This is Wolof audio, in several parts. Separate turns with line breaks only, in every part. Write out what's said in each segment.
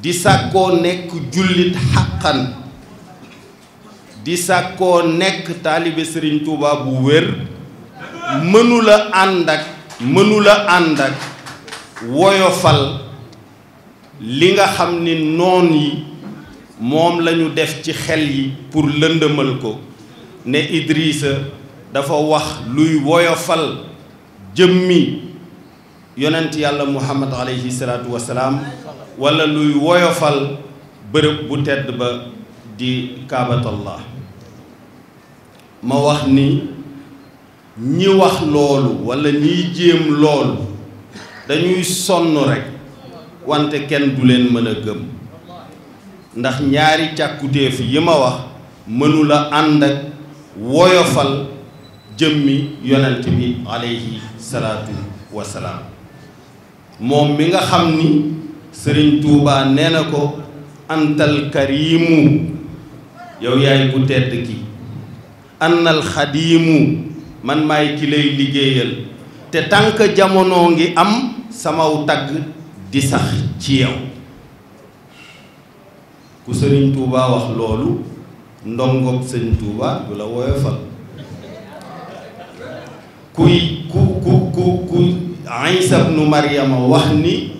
di sàkkoo nekk jullit xaqan di sàkkoo nekk taalibe sëriñ Touba bu wér mënula ànd ak mënula ànd ak woyofal li nga xam ni noon yi moom lañu def ci xel yi pour lëndëmal ko ne Idrissa dafa wax luy woyofal jëmmi yonent yàlla muhammad aleyhi salaatu wasalaam wala luy woyofal bërëb bu tedd ba di kaabatallah ma wax ni ñi wax loolu wala ñiy jéem loolu dañuy sonn rekk wante kenn du leen mën a gëm ndax ñaari càkkutéef yi ma wax mënula ànd ak woyofal jëmmi yonent bi aleyhi salaatu wasalaam moom mi nga xam ni sëriñ Touba nee na ko antal karimu yow yaay ku tedd ki annal xadiimu man maay ki lay liggéeyal te tànk jamono ngi am samaw tagg di sax ci yow ku sëriñ Touba wax loolu ndongoog sëriñ Touba du la woyofal kuy ku ku ku ku Isa bnu Maryama wax ni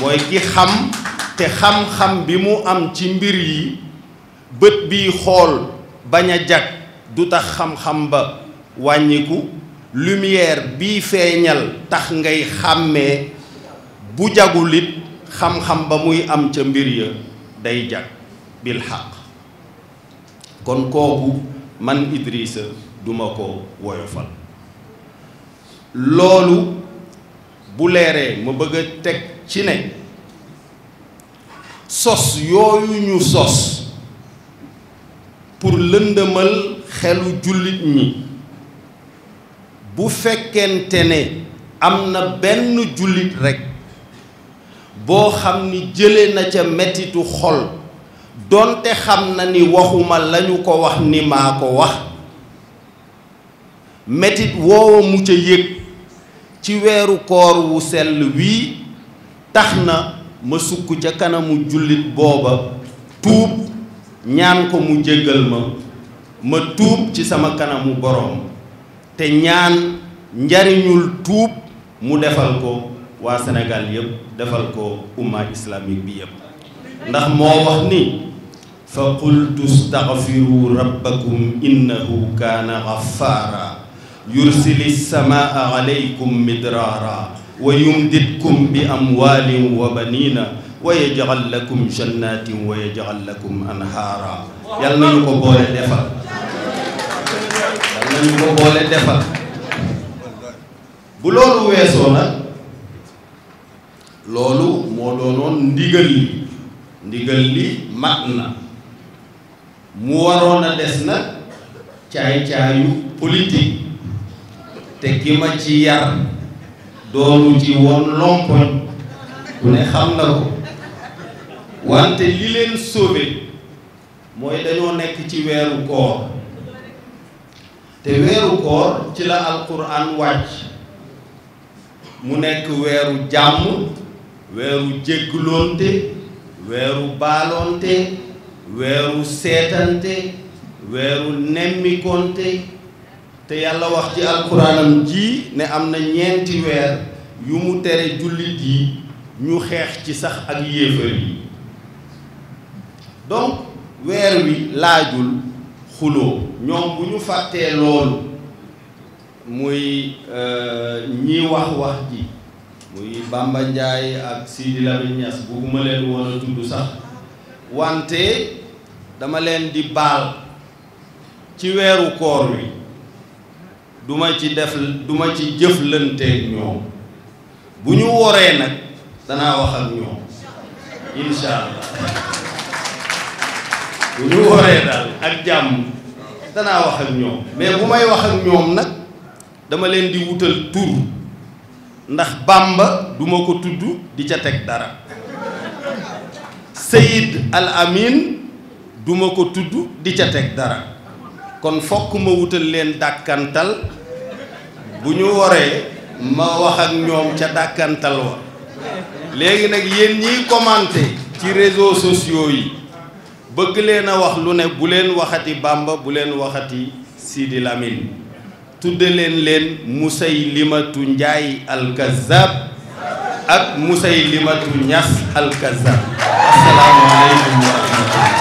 mooy ki xam te xam-xam bi mu am ci mbir yi bët bi xool bañ a jag du tax xam-xam ba wàññiku lumier bi feeñal tax ngay xàmmee bu jagulit xam-xam ba muy am ca mbir ya day jag bil xaq kon kooku man Idrissa duma ko woyofal loolu bu ma bëgg a teg ci ne sos yooyu ñu sos pour lëndëmal xelu jullit ñi bu fekkente ne am na benn jullit rekk boo xam ni jële na ca metitu xol doonte xam na ni waxuma lañu ko wax ni maa ko wax metit woowa mu ca yëg ci weeru koor wu sell wii tax na ma sukk ca kanamu jullit booba tuub ñaan ko mu jéggal ma ma tuub ci sama kanamu borom te ñaan njariñul tuub mu defal ko waa Sénégal yépp defal ko umma islamique bi yépp ndax wax ni fa qultu staghfiru rabbakum innahu kana ghaffara yursilis samaa alaykum midrara wa yumdidkum bi amwaalin wa baniina wa yaj'al lakum jannatin wa yaj'al lakum anhaara yal nañu ko boole defal yal nañu ko boole defal bu loolu weesoo loolu moo doonoon ndigal li ndigal li mat na mu waroon a des nag caay-caayu politique te ki ma ci yar doonu ci woon lompoñ ku ne xam na ko wante li leen sauvé mooy dañoo nekk ci weeru koor te weeru koor ci la alquran wàcc mu nekk weeru jàmm weeru jéggloonte weeru baaloonte weeru seetante weeru nemmikonte te yàlla wax ci alxuraanam ji ne am na ñeenti weer yu mu tere jullit yi ñu xeex ci sax ak yéefar yi donc weer wi laajul xuloo ñoom bu ñu fàttee loolu muy euh, ñi wax wax ji muy Bamba ak Sidi Lamine Niass bugguma leen woon tudd sax wante dama leen di baal ci weeru koor wi du ma ci def du ma ci jëflanteeg ñoom bu ñu woree nag danaa wax ak ñoom insha bu ñu woree daal ak jàmm danaa wax ak ñoom mais bu may wax ak ñoom nag dama leen di wutal tur ndax Bàmba duma ko tudd di ca teg dara Seyid Al Amin du ko tudd di ca teg dara kon fokk ma wutal leen dàkkantal bu ñu waree ma wax ak ñoom ca dàkkantal wa léegi nag yéen ñiy commenter ci réseaux sociaux yi bëgg leen a wax lu ne bu leen waxati Bamba bu leen waxati Sidi Lamine tudde leen leen limatu Njaay alkazab ak Musaylimatu Ñas alkazab asalaamaaleykum wa rahmatullah